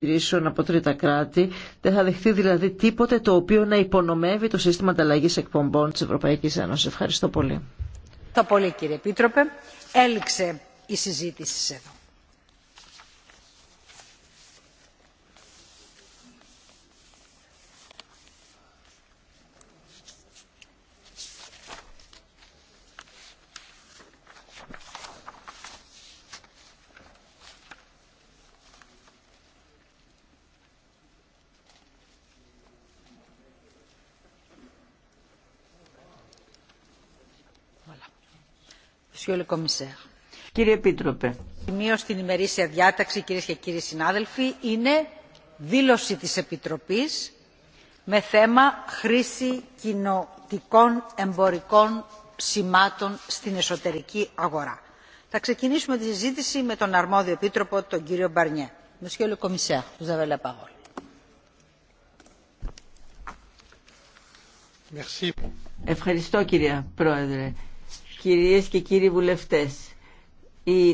επιχειρήσεων από τρίτα κράτη. Δεν θα δεχτεί δηλαδή τίποτε το οποίο να υπονομεύει το σύστημα ανταλλαγής εκπομπών τη Ευρωπαϊκή Ένωση. Ευχαριστώ πολύ. Ευχαριστώ πολύ κύριε Επίτροπε. Έληξε η συζήτηση εδώ. Κύριε Επίτροπε. Σημείο στην ημερήσια διάταξη, κυρίε και κύριοι συνάδελφοι, είναι δήλωση της Επιτροπής με θέμα χρήση κοινοτικών εμπορικών σημάτων στην εσωτερική αγορά. Θα ξεκινήσουμε τη συζήτηση με τον αρμόδιο επίτροπο, τον κύριο Μπαρνιέ. Monsieur le Commissaire, vous avez la parole. Ευχαριστώ κύριε Πρόεδρε. Κυρίες και κύριοι βουλευτές,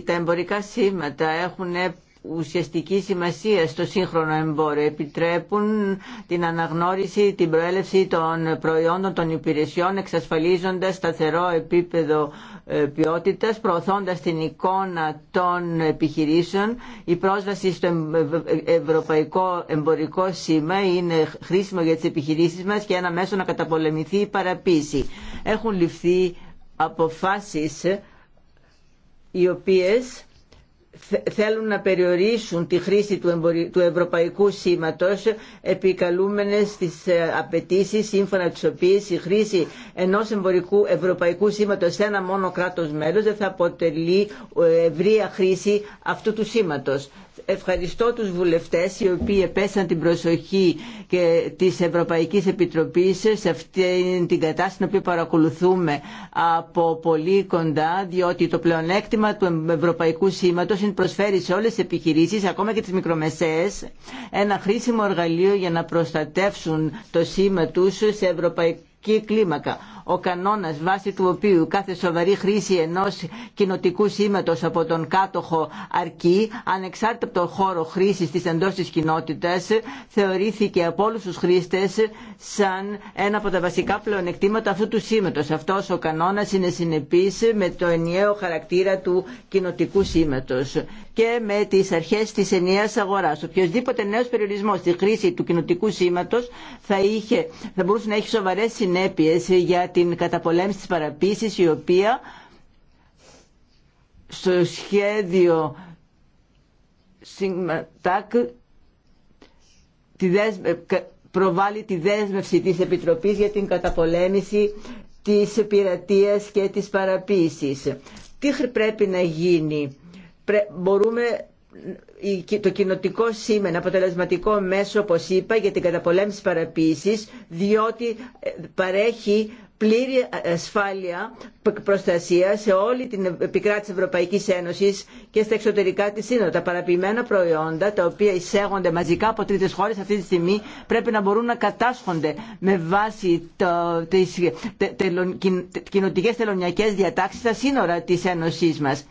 τα εμπορικά σήματα έχουν ε, ουσιαστική σημασία στο σύγχρονο εμπόριο. Επιτρέπουν την αναγνώριση, την προέλευση των προϊόντων, των υπηρεσιών, εξασφαλίζοντας σταθερό επίπεδο ε, ποιότητας, προωθώντας την εικόνα των επιχειρήσεων. Η πρόσβαση στο ευρωπαϊκό εμπορικό σήμα είναι χρήσιμο για τις επιχειρήσεις μας και ένα μέσο να καταπολεμηθεί η Έχουν ληφθεί αποφάσεις οι οποίες θέλουν να περιορίσουν τη χρήση του, ευρωπαϊκού σήματος επικαλούμενες στις ε, απαιτήσει σύμφωνα τις οποίες η χρήση ενός εμπορικού ευρωπαϊκού σήματος σε ένα μόνο κράτος μέλος δεν θα αποτελεί ε, ευρεία χρήση αυτού του σήματος. Ευχαριστώ τους βουλευτές οι οποίοι επέσαν την προσοχή και της Ευρωπαϊκής Επιτροπής σε αυτή την κατάσταση την οποία παρακολουθούμε από πολύ κοντά διότι το πλεονέκτημα του Ευρωπαϊκού Σήματος είναι προσφέρει σε όλες τις επιχειρήσεις ακόμα και τις μικρομεσαίες ένα χρήσιμο εργαλείο για να προστατεύσουν το σήμα τους σε ευρωπαϊκό κλίμακα. Ο κανόνας βάσει του οποίου κάθε σοβαρή χρήση ενό κοινοτικού σήματος από τον κάτοχο αρκεί, ανεξάρτητα από τον χώρο χρήση της εντό της κοινότητας, θεωρήθηκε από όλου του χρήστε σαν ένα από τα βασικά πλεονεκτήματα αυτού του σήματος. Αυτός ο κανόνας είναι συνεπής με το ενιαίο χαρακτήρα του κοινοτικού σήματο και με τις αρχές της ενιαία αγοράς. Οποιοδήποτε νέος περιορισμός στη χρήση του κοινοτικού σήματο θα, θα μπορούσε να έχει σοβαρές συνέπειες για την καταπολέμηση της παραποίηση, η οποία στο σχέδιο ΣΥΓΜΑΤΑΚ προβάλλει τη δέσμευση της Επιτροπής για την καταπολέμηση της πειρατείας και της παραποίησης. Τι πρέπει να γίνει μπορούμε το κοινοτικό σήμερα, αποτελεσματικό μέσο όπως είπα για την καταπολέμηση παραποίησης διότι ε, παρέχει πλήρη ε, ασφάλεια προστασία σε όλη την επικράτηση της Ευρωπαϊκής Ένωσης και στα εξωτερικά της σύνορα. Τα παραποιημένα προϊόντα τα οποία εισέγονται μαζικά από τρίτες χώρες αυτή τη στιγμή πρέπει να μπορούν να κατάσχονται με βάση το, τις τε, τελων, κοινοτικές τελωνιακές διατάξεις στα σύνορα της Ένωσής μας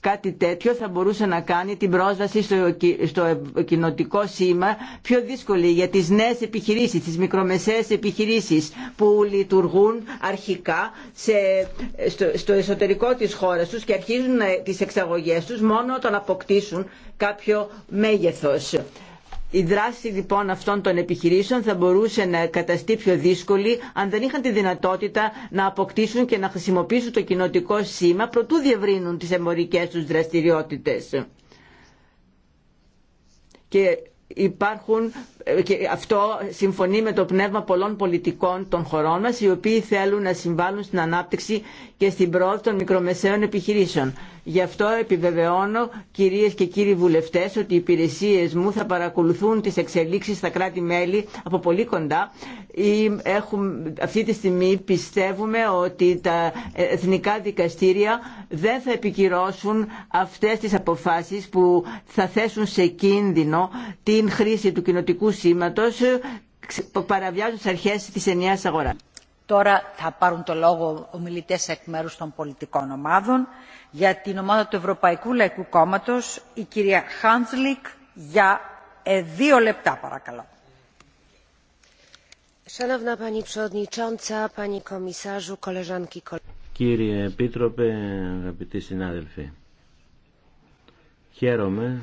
κάτι τέτοιο θα μπορούσε να κάνει την πρόσβαση στο, στο κοινοτικό σήμα πιο δύσκολη για τις νέες επιχειρήσεις, τις μικρομεσαίες επιχειρήσεις που λειτουργούν αρχικά σε, στο, στο εσωτερικό της χώρας τους και αρχίζουν τις εξαγωγές τους μόνο όταν αποκτήσουν κάποιο μέγεθος. Η δράση λοιπόν αυτών των επιχειρήσεων θα μπορούσε να καταστεί πιο δύσκολη αν δεν είχαν τη δυνατότητα να αποκτήσουν και να χρησιμοποιήσουν το κοινοτικό σήμα προτού διευρύνουν τις εμπορικές τους δραστηριότητες. Και υπάρχουν αυτό συμφωνεί με το πνεύμα πολλών πολιτικών των χωρών μας οι οποίοι θέλουν να συμβάλλουν στην ανάπτυξη και στην πρόοδο των μικρομεσαίων επιχειρήσεων. Γι' αυτό επιβεβαιώνω κυρίες και κύριοι βουλευτές ότι οι υπηρεσίες μου θα παρακολουθούν τις εξελίξεις στα κράτη-μέλη από πολύ κοντά. Έχουμε, αυτή τη στιγμή πιστεύουμε ότι τα εθνικά δικαστήρια δεν θα επικυρώσουν αυτές τις αποφάσεις που θα θέσουν σε κίνδυνο την χρήση του ελληνικού σήματος ε, που παραβιάζουν τι αρχέ της ενιαίας αγοράς. Τώρα θα πάρουν το λόγο ομιλητές εκ μέρου των πολιτικών ομάδων. Για την ομάδα του Ευρωπαϊκού Λαϊκού Κόμματο, η κυρία Χάντζλικ για ε, δύο λεπτά παρακαλώ. Κύριε Επίτροπε, αγαπητοί συνάδελφοι, χαίρομαι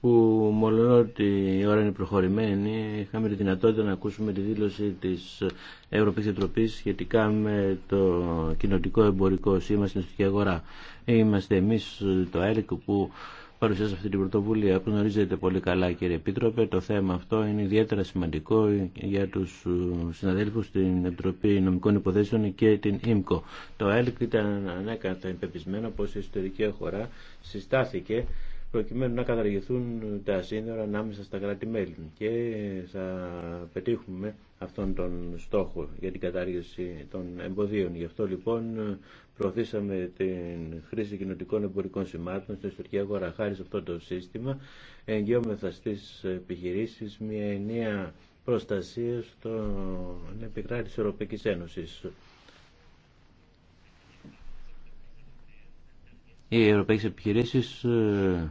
που μόλον ότι η ώρα είναι προχωρημένη είχαμε τη δυνατότητα να ακούσουμε τη δήλωση της Ευρωπαϊκής Επιτροπής σχετικά με το κοινοτικό εμπορικό σήμα στην ιστορική αγορά. Είμαστε εμείς το ΕΛΚ που παρουσιάζει αυτή την πρωτοβουλία. που γνωρίζετε πολύ καλά κύριε Επίτροπε, το θέμα αυτό είναι ιδιαίτερα σημαντικό για τους συναδέλφους στην Επιτροπή Νομικών Υποθέσεων και την ΙΜΚΟ. Το ΕΛΚ ήταν ανέκαθεν πεπισμένο πως η ιστορική αγορά συστάθηκε προκειμένου να καταργηθούν τα σύνορα ανάμεσα στα κράτη-μέλη και θα πετύχουμε αυτόν τον στόχο για την κατάργηση των εμποδίων. Γι' αυτό λοιπόν προωθήσαμε την χρήση κοινοτικών εμπορικών σημάτων στην ιστορική αγορά. Χάρη σε αυτό το σύστημα εγγυόμεθα στις επιχειρήσεις μια ενιαία προστασία στον επικράτη της Ευρωπαϊκής Ένωσης. Οι ευρωπαϊκές επιχειρήσεις ε,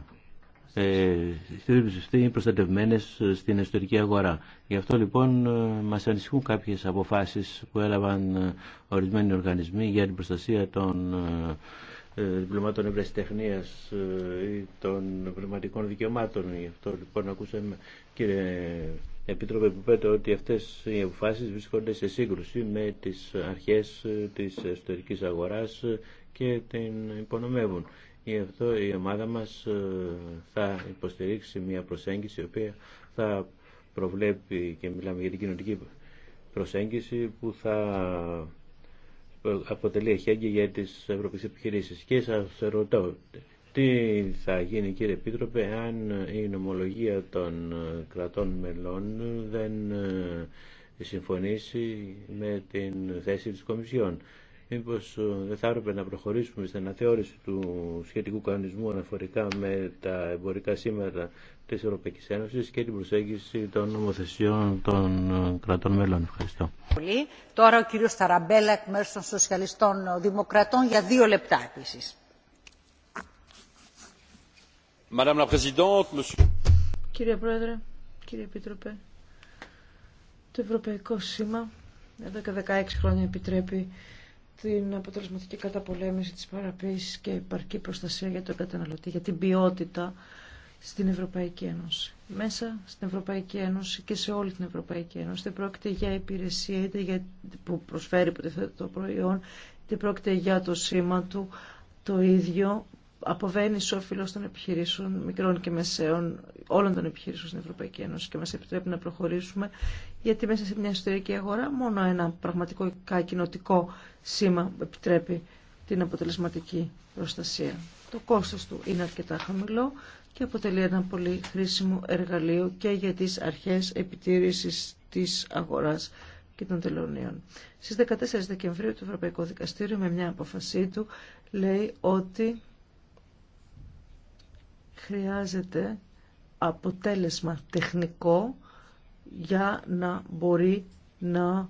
ε, στην προστατευμένε ε, στην εσωτερική αγορά. Γι' αυτό λοιπόν ε, μας ανησυχούν κάποιες αποφάσεις που έλαβαν ορισμένοι οργανισμοί για την προστασία των διπλωμάτων ευρεσιτεχνία ή των πνευματικών δικαιωμάτων. Γι' αυτό λοιπόν ακούσαμε κύριε Επίτροπε που πέτε ότι αυτές οι αποφάσεις βρίσκονται σε σύγκρουση με τι αρχές της εσωτερική αγοράς και την υπονομεύουν. Γι' αυτό η ομάδα μας ε, θα υποστηρίξει μια προσέγγιση η οποία θα προβλέπει και μιλάμε για την κοινωνική προσέγγιση που θα ε, αποτελεί εχέγγυ για τις ευρωπαϊκές επιχειρήσεις. Και σας ρωτώ, τι θα γίνει κύριε Επίτροπε αν η νομολογία των ε, κρατών μελών δεν συμφωνήσει με την θέση της Κομισιόν μήπως ε, δεν θα έπρεπε να προχωρήσουμε στην αναθεώρηση του σχετικού κανονισμού αναφορικά με τα εμπορικά σήμερα της Ευρωπαϊκής Ένωσης και την προσέγγιση των νομοθεσιών των ε, κρατών μέλων. Ευχαριστώ. Πολύ. Τώρα ο κύριος Ταραμπέλα εκ μέρους των Σοσιαλιστών Δημοκρατών για δύο λεπτά επίσης. Κύριε Πρόεδρε, κύριε Επίτροπε, το Ευρωπαϊκό Σήμα εδώ και 16 χρόνια επιτρέπει την αποτελεσματική καταπολέμηση της παραποίησης και υπαρκή προστασία για τον καταναλωτή, για την ποιότητα στην Ευρωπαϊκή Ένωση. Μέσα στην Ευρωπαϊκή Ένωση και σε όλη την Ευρωπαϊκή Ένωση. Δεν πρόκειται για υπηρεσία είτε για, που προσφέρει το προϊόν, είτε πρόκειται για το σήμα του. Το ίδιο αποβαίνει φίλο των επιχειρήσεων, μικρών και μεσαίων, όλων των επιχειρήσεων στην Ευρωπαϊκή Ένωση και μα επιτρέπει να προχωρήσουμε, γιατί μέσα σε μια ιστορική αγορά μόνο ένα πραγματικό κοινοτικό σήμα επιτρέπει την αποτελεσματική προστασία. Το κόστο του είναι αρκετά χαμηλό και αποτελεί ένα πολύ χρήσιμο εργαλείο και για τι αρχέ επιτήρηση τη αγορά και των τελωνίων. Στις 14 Δεκεμβρίου το Ευρωπαϊκό Δικαστήριο με μια αποφασή του λέει ότι χρειάζεται αποτέλεσμα τεχνικό για να μπορεί να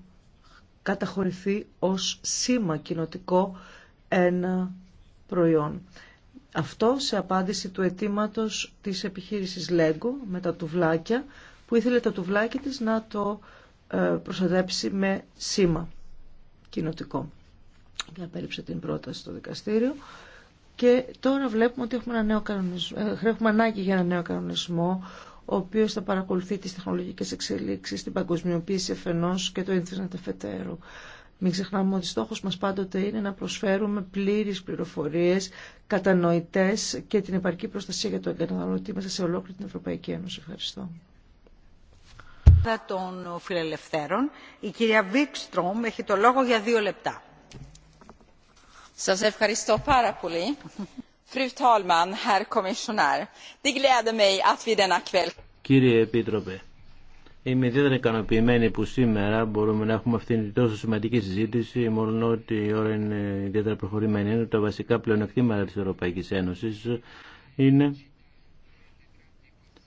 καταχωρηθεί ως σήμα κοινοτικό ένα προϊόν. Αυτό σε απάντηση του αιτήματο της επιχείρησης Lego με τα τουβλάκια που ήθελε τα τουβλάκια της να το ε, προστατέψει με σήμα κοινοτικό. Και την πρόταση στο δικαστήριο. Και τώρα βλέπουμε ότι έχουμε, ένα νέο κανονισμό, ε, έχουμε ανάγκη για ένα νέο κανονισμό, ο οποίο θα παρακολουθεί τι τεχνολογικέ εξελίξει, την παγκοσμιοποίηση εφενό και το ίντερνετ εφετέρου. Μην ξεχνάμε ότι στόχος μας πάντοτε είναι να προσφέρουμε πλήρε πληροφορίε, κατανοητέ και την επαρκή προστασία για τον καταναλωτή μέσα σε ολόκληρη την Ευρωπαϊκή Ένωση. Ευχαριστώ. Των φιλελευθέρων, η κυρία Βίκστρομ έχει το λόγο για δύο λεπτά ευχαριστώ πάρα πολύ. Κύριε Επίτροπε, είμαι ιδιαίτερα ικανοποιημένη που σήμερα μπορούμε να έχουμε αυτήν την τόσο σημαντική συζήτηση, μόνο ότι η ώρα είναι ιδιαίτερα προχωρημένη. είναι τα βασικά πλεονεκτήματα της Ευρωπαϊκής Ένωσης είναι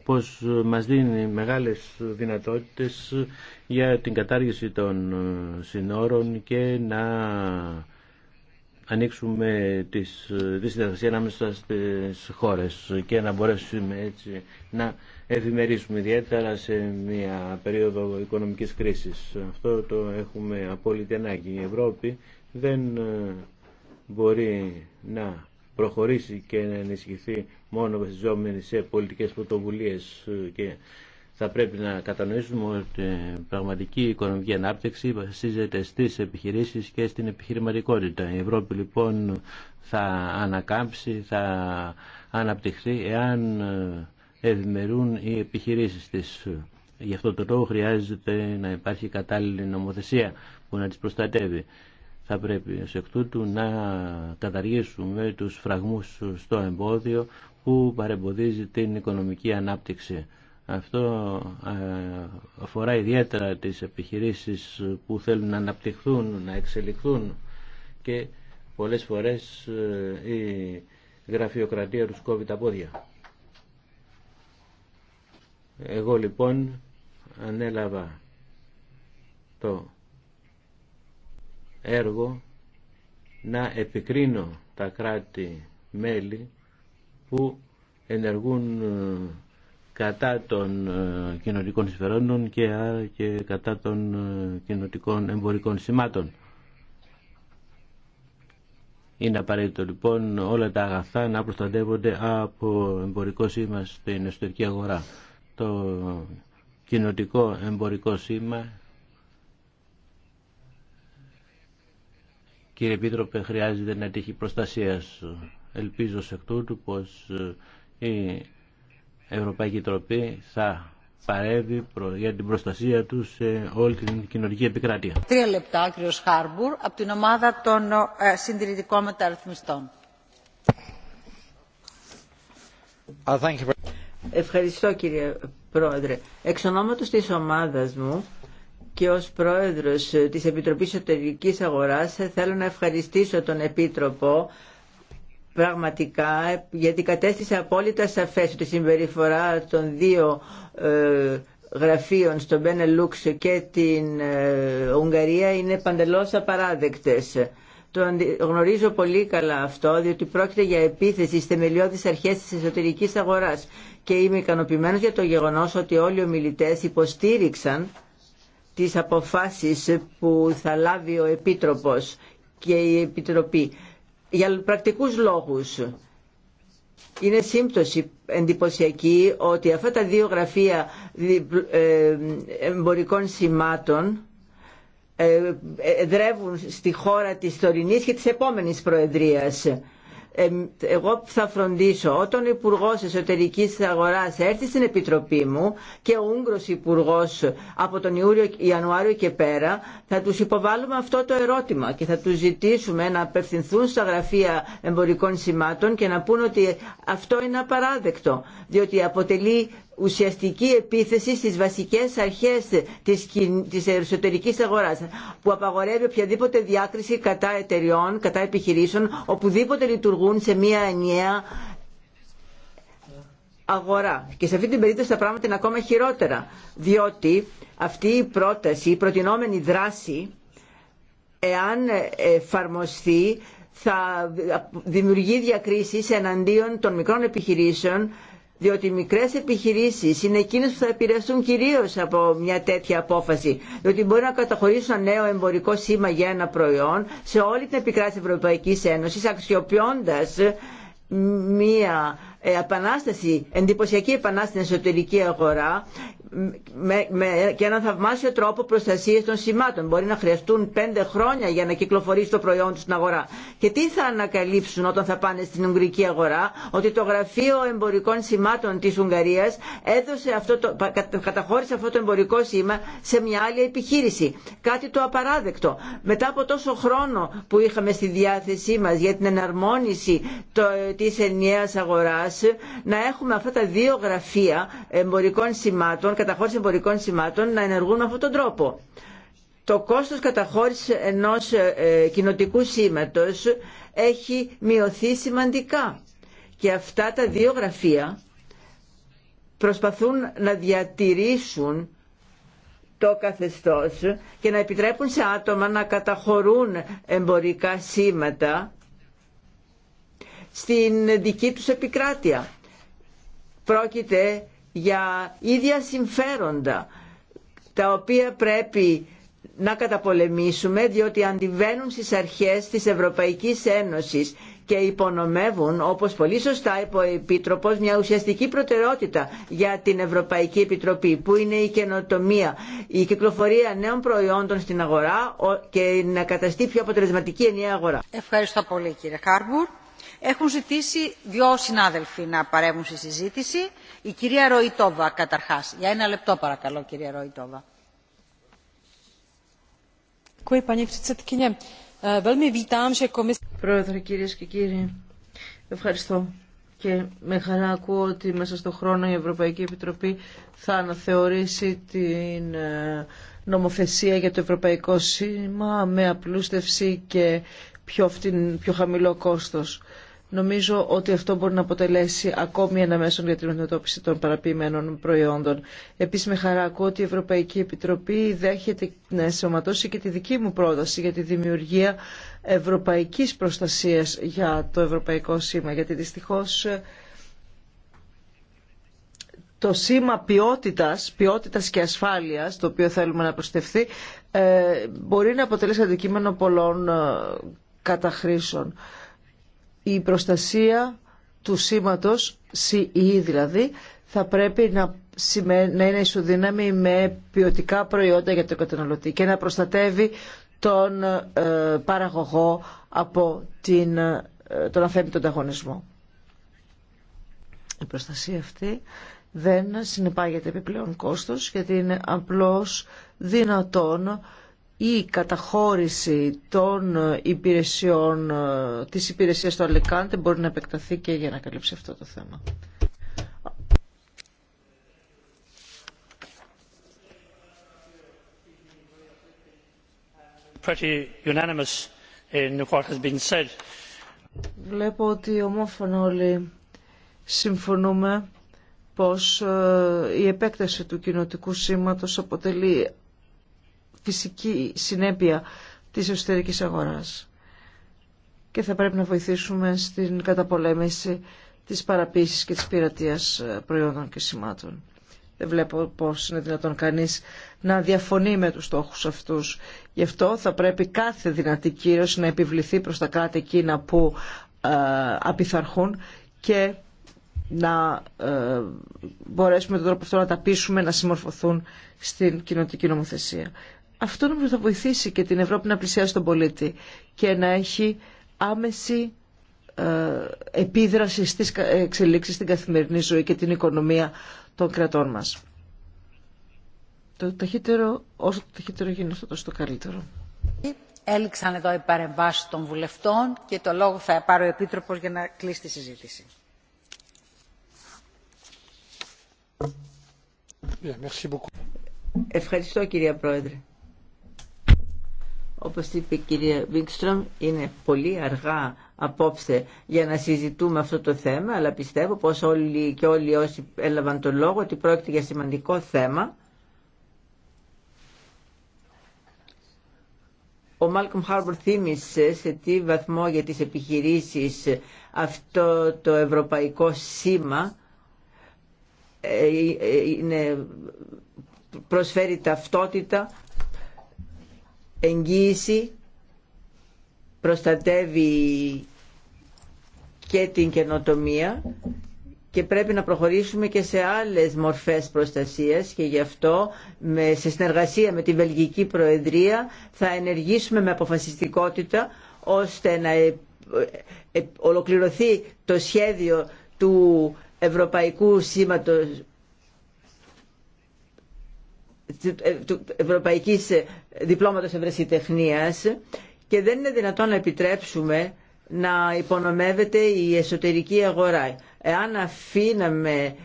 πως μας δίνει μεγάλες δυνατότητες για την κατάργηση των συνόρων και να ανοίξουμε τις, τη συνεργασία ανάμεσα στις χώρες και να μπορέσουμε έτσι να ευημερίσουμε ιδιαίτερα σε μια περίοδο οικονομικής κρίσης. Αυτό το έχουμε απόλυτη ανάγκη. Η Ευρώπη δεν ε, μπορεί να προχωρήσει και να ενισχυθεί μόνο βασιζόμενη σε πολιτικές πρωτοβουλίες ε, και θα πρέπει να κατανοήσουμε ότι η πραγματική οικονομική ανάπτυξη βασίζεται στις επιχειρήσεις και στην επιχειρηματικότητα. Η Ευρώπη λοιπόν θα ανακάμψει, θα αναπτυχθεί εάν ε, ευημερούν οι επιχειρήσεις της. Γι' αυτό το λόγο χρειάζεται να υπάρχει κατάλληλη νομοθεσία που να τις προστατεύει. Θα πρέπει σε εκ τούτου να καταργήσουμε τους φραγμούς στο εμπόδιο που παρεμποδίζει την οικονομική ανάπτυξη. Αυτό ε, αφορά ιδιαίτερα τις επιχειρήσεις που θέλουν να αναπτυχθούν, να εξελιχθούν και πολλές φορές ε, η γραφειοκρατία τους κόβει τα πόδια. Εγώ λοιπόν ανέλαβα το έργο να επικρίνω τα κράτη-μέλη που ενεργούν ε, κατά των ε, κοινωνικών συμφερόντων και, κατά των ε, κοινωνικών εμπορικών σημάτων. Είναι απαραίτητο λοιπόν όλα τα αγαθά να προστατεύονται από εμπορικό σήμα στην εσωτερική αγορά. Το κοινωτικό εμπορικό σήμα κύριε Επίτροπε χρειάζεται να τύχει προστασίας. Ελπίζω σε αυτού του πως ε, η Ευρωπαϊκή Τροπή θα παρεύει για την προστασία του σε όλη την κοινωνική επικράτεια. Τρία λεπτά, κύριο Χάρμπουρ, από την ομάδα των ε, συντηρητικών μεταρρυθμιστών. Uh, Ευχαριστώ κύριε Πρόεδρε. Εξ ονόματος της ομάδας μου και ως Πρόεδρος ε, της Επιτροπής Εσωτερικής Αγοράς ε, θέλω να ευχαριστήσω τον Επίτροπο πραγματικά γιατί κατέστησε απόλυτα σαφές ότι η συμπεριφορά των δύο ε, γραφείων στον Μπένελουξ και την ε, Ουγγαρία είναι παντελώς απαράδεκτες. Το γνωρίζω πολύ καλά αυτό, διότι πρόκειται για επίθεση στι θεμελιώδει αρχέ τη εσωτερική αγορά. Και είμαι ικανοποιημένο για το γεγονό ότι όλοι οι ομιλητέ υποστήριξαν τι αποφάσει που θα λάβει ο Επίτροπο και η Επιτροπή για πρακτικούς λόγους. Είναι σύμπτωση εντυπωσιακή ότι αυτά τα δύο γραφεία ε, εμπορικών σημάτων εδρεύουν ε, στη χώρα της τωρινής και της επόμενης προεδρίας εγώ θα φροντίσω όταν ο Υπουργό Εσωτερική Αγορά έρθει στην Επιτροπή μου και ο Ούγγρο Υπουργό από τον Ιούριο, Ιανουάριο και πέρα, θα του υποβάλουμε αυτό το ερώτημα και θα του ζητήσουμε να απευθυνθούν στα γραφεία εμπορικών σημάτων και να πούν ότι αυτό είναι απαράδεκτο, διότι αποτελεί ουσιαστική επίθεση στις βασικές αρχές της, της εσωτερικής αγοράς που απαγορεύει οποιαδήποτε διάκριση κατά εταιριών, κατά επιχειρήσεων οπουδήποτε λειτουργούν σε μια ενιαία αγορά. Και σε αυτή την περίπτωση τα πράγματα είναι ακόμα χειρότερα διότι αυτή η πρόταση, η προτινόμενη δράση εάν εφαρμοστεί θα δημιουργεί διακρίσεις εναντίον των μικρών επιχειρήσεων διότι οι μικρές επιχειρήσεις είναι εκείνες που θα επηρεαστούν κυρίως από μια τέτοια απόφαση, διότι μπορεί να καταχωρήσουν ένα νέο εμπορικό σήμα για ένα προϊόν σε όλη την επικράτηση Ευρωπαϊκής Ένωσης, αξιοποιώντας μια επανάσταση, εντυπωσιακή επανάσταση στην εσωτερική αγορά με, με, και έναν θαυμάσιο τρόπο προστασία των σημάτων. Μπορεί να χρειαστούν πέντε χρόνια για να κυκλοφορήσει το προϊόν του στην αγορά. Και τι θα ανακαλύψουν όταν θα πάνε στην Ουγγρική αγορά, ότι το Γραφείο Εμπορικών Σημάτων τη Ουγγαρία καταχώρησε αυτό το εμπορικό σήμα σε μια άλλη επιχείρηση. Κάτι το απαράδεκτο. Μετά από τόσο χρόνο που είχαμε στη διάθεσή μα για την εναρμόνιση τη ενιαία αγορά, να έχουμε αυτά τα δύο γραφεία εμπορικών σημάτων καταχώρηση εμπορικών σημάτων να ενεργούν με αυτόν τον τρόπο. Το κόστος καταχώρησης ενός ε, κοινοτικού σήματος έχει μειωθεί σημαντικά και αυτά τα δύο γραφεία προσπαθούν να διατηρήσουν το καθεστώς και να επιτρέπουν σε άτομα να καταχωρούν εμπορικά σήματα στην δική τους επικράτεια. Πρόκειται για ίδια συμφέροντα τα οποία πρέπει να καταπολεμήσουμε διότι αντιβαίνουν στις αρχές της Ευρωπαϊκής Ένωσης και υπονομεύουν, όπως πολύ σωστά είπε ο Επίτροπος, μια ουσιαστική προτεραιότητα για την Ευρωπαϊκή Επιτροπή, που είναι η καινοτομία, η κυκλοφορία νέων προϊόντων στην αγορά και να καταστεί πιο αποτελεσματική ενιαία αγορά. Ευχαριστώ πολύ κύριε Χάρμπουρ. Έχουν ζητήσει δυο συνάδελφοι να παρέμβουν στη συζήτηση. Η κυρία Ροϊτόβα, καταρχάς. Για ένα λεπτό παρακαλώ, κυρία Ροϊτόβα. Eh, Πρόεδρε, κυρίες και κύριοι, ευχαριστώ. Και με χαρά ακούω ότι μέσα στον χρόνο η Ευρωπαϊκή Επιτροπή θα αναθεωρήσει την ε, νομοθεσία για το Ευρωπαϊκό Σύμμα με απλούστευση και πιο, πιο χαμηλό κόστος. Νομίζω ότι αυτό μπορεί να αποτελέσει ακόμη ένα μέσο για την αντιμετώπιση των παραποιημένων προϊόντων. Επίση, με χαρά ακούω ότι η Ευρωπαϊκή Επιτροπή δέχεται να ενσωματώσει και τη δική μου πρόταση για τη δημιουργία ευρωπαϊκής προστασίας για το ευρωπαϊκό σήμα. Γιατί δυστυχώ ε, το σήμα ποιότητας, ποιότητας και ασφάλειας, το οποίο θέλουμε να προστευθεί, ε, μπορεί να αποτελέσει αντικείμενο πολλών ε, καταχρήσεων η προστασία του σήματος, CE δηλαδή, θα πρέπει να, να είναι ισοδύναμη με ποιοτικά προϊόντα για τον καταναλωτή και να προστατεύει τον ε, παραγωγό από την, ε, τον αθέμητο ανταγωνισμό. Η προστασία αυτή δεν συνεπάγεται επιπλέον κόστος γιατί είναι απλώς δυνατόν η καταχώρηση των υπηρεσιών, της υπηρεσίας του Αλικάντε μπορεί να επεκταθεί και για να καλύψει αυτό το θέμα. Βλέπω ότι ομόφωνα όλοι συμφωνούμε πως ε, η επέκταση του κοινοτικού σήματος αποτελεί φυσική συνέπεια της εσωτερικής αγοράς και θα πρέπει να βοηθήσουμε στην καταπολέμηση της παραποίησης και της πειρατείας προϊόντων και σημάτων. Δεν βλέπω πώς είναι δυνατόν κανείς να διαφωνεί με τους στόχους αυτούς. Γι' αυτό θα πρέπει κάθε δυνατή κύρωση να επιβληθεί προς τα κράτη εκείνα που ε, απειθαρχούν και να ε, μπορέσουμε με τον τρόπο αυτό να τα πείσουμε να συμμορφωθούν στην κοινωτική νομοθεσία. Αυτό νομίζω θα βοηθήσει και την Ευρώπη να πλησιάσει τον πολίτη και να έχει άμεση ε, επίδραση στις εξελίξεις στην καθημερινή ζωή και την οικονομία των κρατών μας. Το ταχύτερο, όσο το ταχύτερο γίνεται αυτό, τόσο το καλύτερο. Έληξαν εδώ οι παρεμβάσεις των βουλευτών και το λόγο θα πάρει ο Επίτροπος για να κλείσει τη συζήτηση. Ευχαριστώ κυρία Πρόεδρε όπως είπε η κυρία Βίγκστρομ, είναι πολύ αργά απόψε για να συζητούμε αυτό το θέμα, αλλά πιστεύω πως όλοι και όλοι όσοι έλαβαν το λόγο ότι πρόκειται για σημαντικό θέμα. Ο Μάλκομ Χάρμπορ θύμισε σε τι βαθμό για τις επιχειρήσεις αυτό το ευρωπαϊκό σήμα ε, ε, ε, είναι, προσφέρει ταυτότητα εγγύηση προστατεύει και την καινοτομία και πρέπει να προχωρήσουμε και σε άλλες μορφές προστασίας και γι' αυτό με, σε συνεργασία με την Βελγική Προεδρία θα ενεργήσουμε με αποφασιστικότητα ώστε να ε, ε, ε, ολοκληρωθεί το σχέδιο του Ευρωπαϊκού Σήματος ε, του Ευρωπαϊκής ε, Διπλώματος Ευρεσιτεχνίας και δεν είναι δυνατόν να επιτρέψουμε να υπονομεύεται η εσωτερική αγορά. Εάν αφήναμε,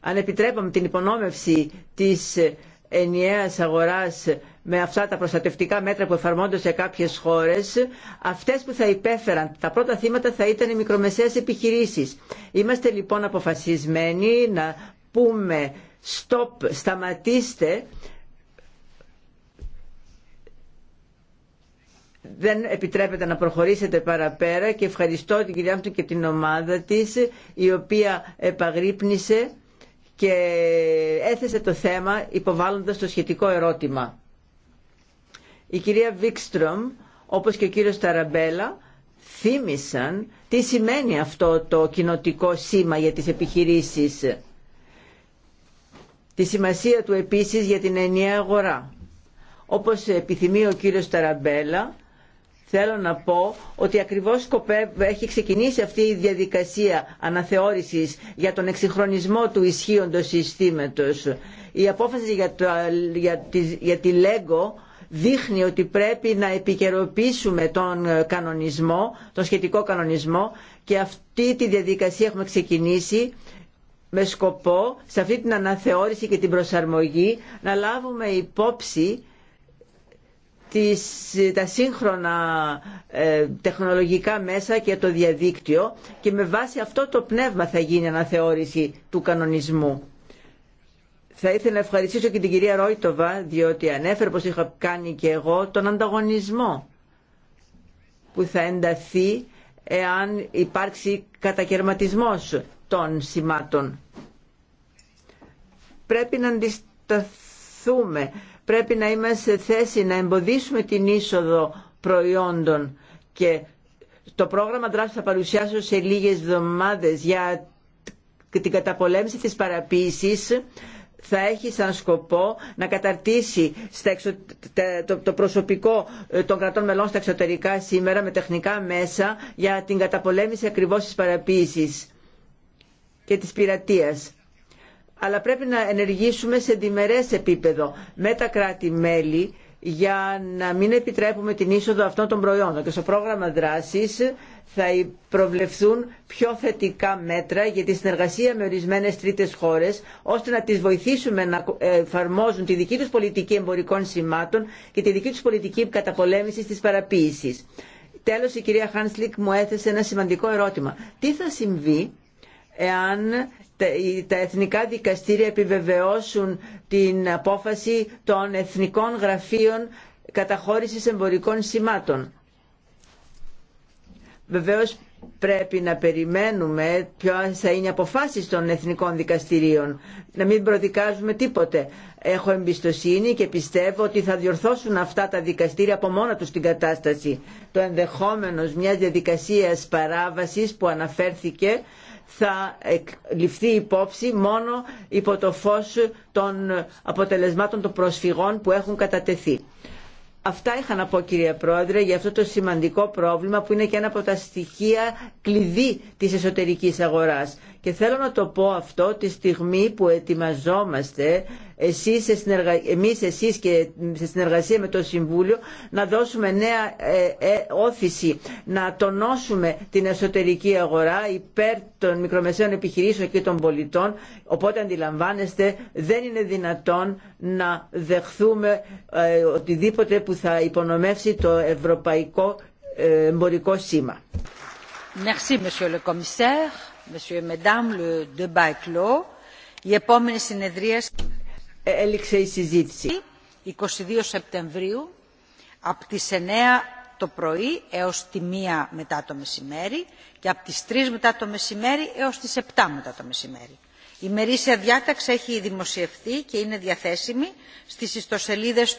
αν επιτρέπαμε την υπονόμευση της ε, ενιαίας αγοράς με αυτά τα προστατευτικά μέτρα που εφαρμόνται σε κάποιες χώρες, αυτές που θα υπέφεραν τα πρώτα θύματα θα ήταν οι μικρομεσαίες επιχειρήσεις. Είμαστε λοιπόν αποφασισμένοι να πούμε stop, σταματήστε δεν επιτρέπεται να προχωρήσετε παραπέρα και ευχαριστώ την κυρία μου και την ομάδα της η οποία επαγρύπνησε και έθεσε το θέμα υποβάλλοντας το σχετικό ερώτημα. Η κυρία Βίκστρομ όπως και ο κύριος Ταραμπέλα θύμισαν τι σημαίνει αυτό το κοινοτικό σήμα για τις επιχειρήσεις τη σημασία του επίσης για την ενιαία αγορά. Όπως επιθυμεί ο κύριος Ταραμπέλα, θέλω να πω ότι ακριβώς έχει ξεκινήσει αυτή η διαδικασία αναθεώρησης για τον εξυγχρονισμό του ισχύοντος συστήματος. Η απόφαση για, για, τη, για τη δείχνει ότι πρέπει να επικαιροποιήσουμε τον κανονισμό, τον σχετικό κανονισμό και αυτή τη διαδικασία έχουμε ξεκινήσει με σκοπό σε αυτή την αναθεώρηση και την προσαρμογή να λάβουμε υπόψη τα σύγχρονα ε, τεχνολογικά μέσα και το διαδίκτυο και με βάση αυτό το πνεύμα θα γίνει αναθεώρηση του κανονισμού. Θα ήθελα να ευχαριστήσω και την κυρία Ρόιτοβα διότι ανέφερε πως είχα κάνει και εγώ τον ανταγωνισμό που θα ενταθεί εάν υπάρξει κατακαιρματισμός των σημάτων πρέπει να αντισταθούμε, πρέπει να είμαστε σε θέση να εμποδίσουμε την είσοδο προϊόντων και το πρόγραμμα δράσης θα παρουσιάσω σε λίγες εβδομάδες για την καταπολέμηση της παραποίησης θα έχει σαν σκοπό να καταρτήσει στα το... το προσωπικό ε, των κρατών μελών στα εξωτερικά σήμερα με τεχνικά μέσα για την καταπολέμηση ακριβώς της παραποίησης και της πειρατείας αλλά πρέπει να ενεργήσουμε σε διμερές επίπεδο με τα κράτη-μέλη για να μην επιτρέπουμε την είσοδο αυτών των προϊόντων. Και στο πρόγραμμα δράσης θα προβλεφθούν πιο θετικά μέτρα για τη συνεργασία με ορισμένε τρίτες χώρες, ώστε να τις βοηθήσουμε να εφαρμόζουν τη δική τους πολιτική εμπορικών σημάτων και τη δική τους πολιτική καταπολέμησης της παραποίησης. Τέλος, η κυρία Χάνσλικ μου έθεσε ένα σημαντικό ερώτημα. Τι θα συμβεί εάν τα εθνικά δικαστήρια επιβεβαιώσουν την απόφαση των εθνικών γραφείων καταχώρησης εμπορικών σημάτων. Βεβαίως πρέπει να περιμένουμε ποια θα είναι η αποφάσεις των εθνικών δικαστηρίων, να μην προδικάζουμε τίποτε. Έχω εμπιστοσύνη και πιστεύω ότι θα διορθώσουν αυτά τα δικαστήρια από μόνα τους την κατάσταση. Το ενδεχόμενος μιας διαδικασίας παράβασης που αναφέρθηκε θα ληφθεί υπόψη μόνο υπό το φως των αποτελεσμάτων των προσφυγών που έχουν κατατεθεί. Αυτά είχα να πω κύριε Πρόεδρε για αυτό το σημαντικό πρόβλημα που είναι και ένα από τα στοιχεία κλειδί της εσωτερικής αγοράς. Και θέλω να το πω αυτό τη στιγμή που ετοιμαζόμαστε εσείς, εμείς, εσείς και σε συνεργασία με το Συμβούλιο να δώσουμε νέα ε, ε, όθηση, να τονώσουμε την εσωτερική αγορά υπέρ των μικρομεσαίων επιχειρήσεων και των πολιτών. Οπότε αντιλαμβάνεστε δεν είναι δυνατόν να δεχθούμε ε, οτιδήποτε που θα υπονομεύσει το ευρωπαϊκό εμπορικό σήμα. Merci, Monsieur le Commissaire, le ε, έληξε η συζήτηση. 22 Σεπτεμβρίου από τις 9 το πρωί έως τη 1 μετά το μεσημέρι και από τις 3 μετά το μεσημέρι έως τις 7 μετά το μεσημέρι. Η μερίσια διάταξη έχει δημοσιευθεί και είναι διαθέσιμη στις ιστοσελίδες